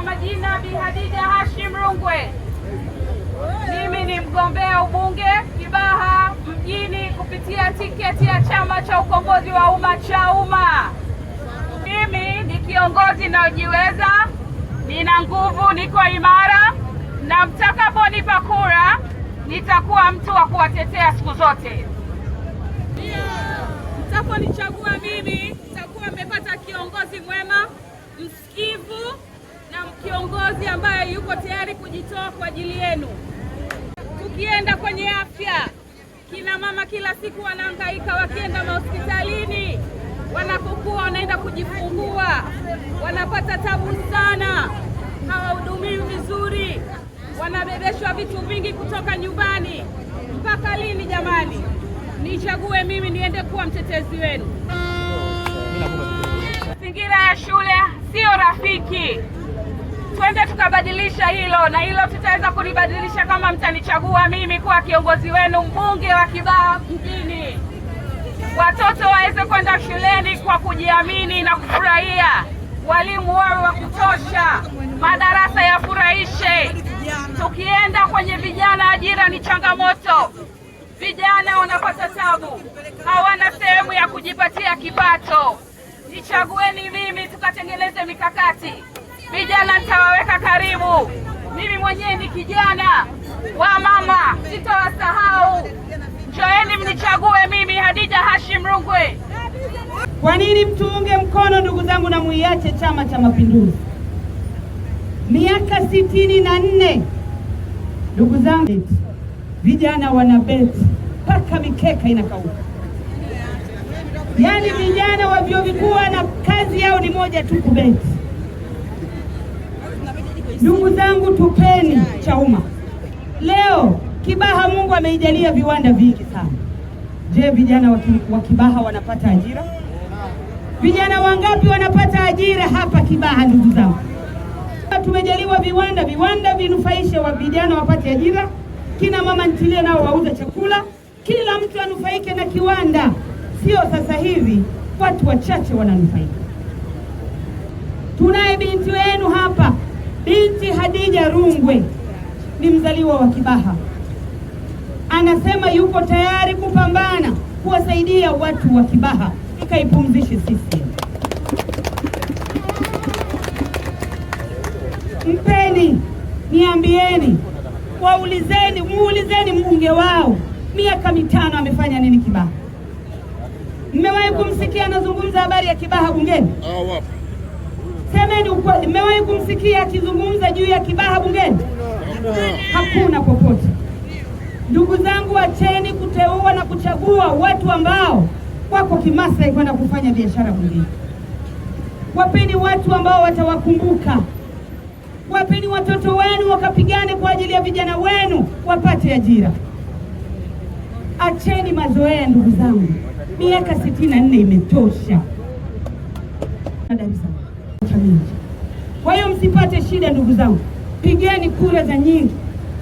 kwa majina Bi Hadija Hashim Rungwe. Mimi ni mgombea ubunge Kibaha mjini kupitia tiketi ya chama cha ukombozi wa umma cha umma Mimi ni kiongozi naojiweza, nina nguvu, niko imara, na mtakaponipa kura nitakuwa mtu wa kuwatetea siku zote. Mtaponichagua mimi, mtakuwa mmepata kiongozi mwema msikivu kiongozi ambaye yuko tayari kujitoa kwa ajili yenu. Tukienda kwenye afya, kina mama kila siku wanahangaika wakienda mahospitalini, wanapokuwa wanaenda kujifungua wanapata tabu sana, hawahudumiwi vizuri, wanabebeshwa vitu vingi kutoka nyumbani. Mpaka lini jamani? Nichague mimi niende kuwa mtetezi wenu. Mazingira ya shule sio rafiki twende tukabadilisha hilo, na hilo tutaweza kulibadilisha kama mtanichagua mimi kuwa kiongozi wenu, mbunge wa Kibaha Mjini. Watoto waweze kwenda shuleni kwa kujiamini na kufurahia, walimu wao wa kutosha, madarasa yafurahishe. Tukienda kwenye vijana, ajira ni changamoto. Vijana wanapata tabu, hawana sehemu ya kujipatia kipato. Nichagueni mimi, tukatengeneze mikakati. Vijana nitawaweka karibu. Mimi mwenyewe ni kijana wa mama, sitawasahau. Njoeni mnichague mimi, Hadija Hashim Rungwe. Kwa nini mtuunge mkono ndugu zangu na muiache Chama cha Mapinduzi? Miaka sitini na nne ndugu zangu, vijana wanabeti mpaka mikeka inakauka. Yaani vijana wa vyuo vikuu na kazi yao ni moja tu, kubeti. Ndugu zangu, tupeni Chauma. Leo Kibaha Mungu ameijalia viwanda vingi sana. Je, vijana wa Kibaha wanapata ajira? Vijana wangapi wanapata ajira hapa Kibaha? Ndugu zangu, tumejaliwa viwanda, viwanda vinufaishe wa vijana wapate ajira, kina mama ntilie nao wauze chakula, kila mtu anufaike na kiwanda, sio sasa hivi watu wachache wananufaika. Tunaye binti wenu hapa Binti Hadija Rungwe ni mzaliwa wa Kibaha, anasema yuko tayari kupambana kuwasaidia watu wa Kibaha. Ikaipumzishe sisi, mpeni, niambieni, waulizeni, muulizeni mbunge wao miaka mitano amefanya nini Kibaha. Mmewahi kumsikia anazungumza habari ya Kibaha bungeni? Ah, Semeni ukweli, mmewahi kumsikia akizungumza juu ya Kibaha bungeni? Hakuna popote. Ndugu zangu, acheni kuteua na kuchagua watu ambao wako kimaslahi kwenda kufanya biashara bungeni. Wapeni watu ambao watawakumbuka. Wapeni watoto wenu wakapigane kwa ajili ya vijana wenu wapate ajira. Acheni mazoea, ndugu zangu, miaka sitini na nne imetosha miaka Kwa hiyo msipate shida, ndugu zangu, pigeni kura za nyingi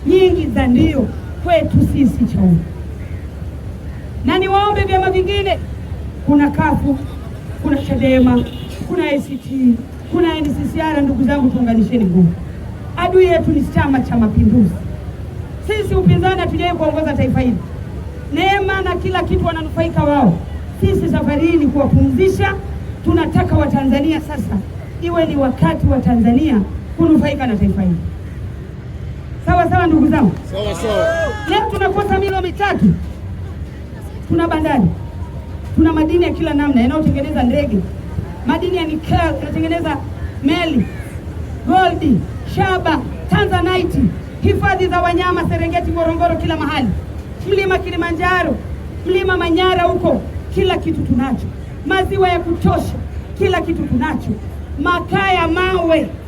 nyingi za ndio kwetu sisi Chauma, na niwaombe vyama vingine, kuna kafu, kuna Chadema, kuna ACT, kuna NCCR. Ndugu zangu, tuunganisheni nguvu. Adui yetu ni Chama cha Mapinduzi. Sisi upinzani hatujai kuongoza taifa hili, neema na kila kitu wananufaika wao. Sisi safari hii ni kuwapumzisha. Tunataka Watanzania sasa iwe ni wakati wa Tanzania kunufaika na taifa hili. Sawa sawa, ndugu zangu, sawa sawa. Leo tunakosa milo mitatu, tuna bandari, tuna madini ya kila namna yanayotengeneza ndege, madini ya nikel yanatengeneza meli, goldi, shaba, tanzanite, hifadhi za wanyama Serengeti, Ngorongoro, kila mahali, mlima Kilimanjaro, mlima Manyara huko, kila kitu tunacho, maziwa ya kutosha, kila kitu tunacho makaa ya mawe.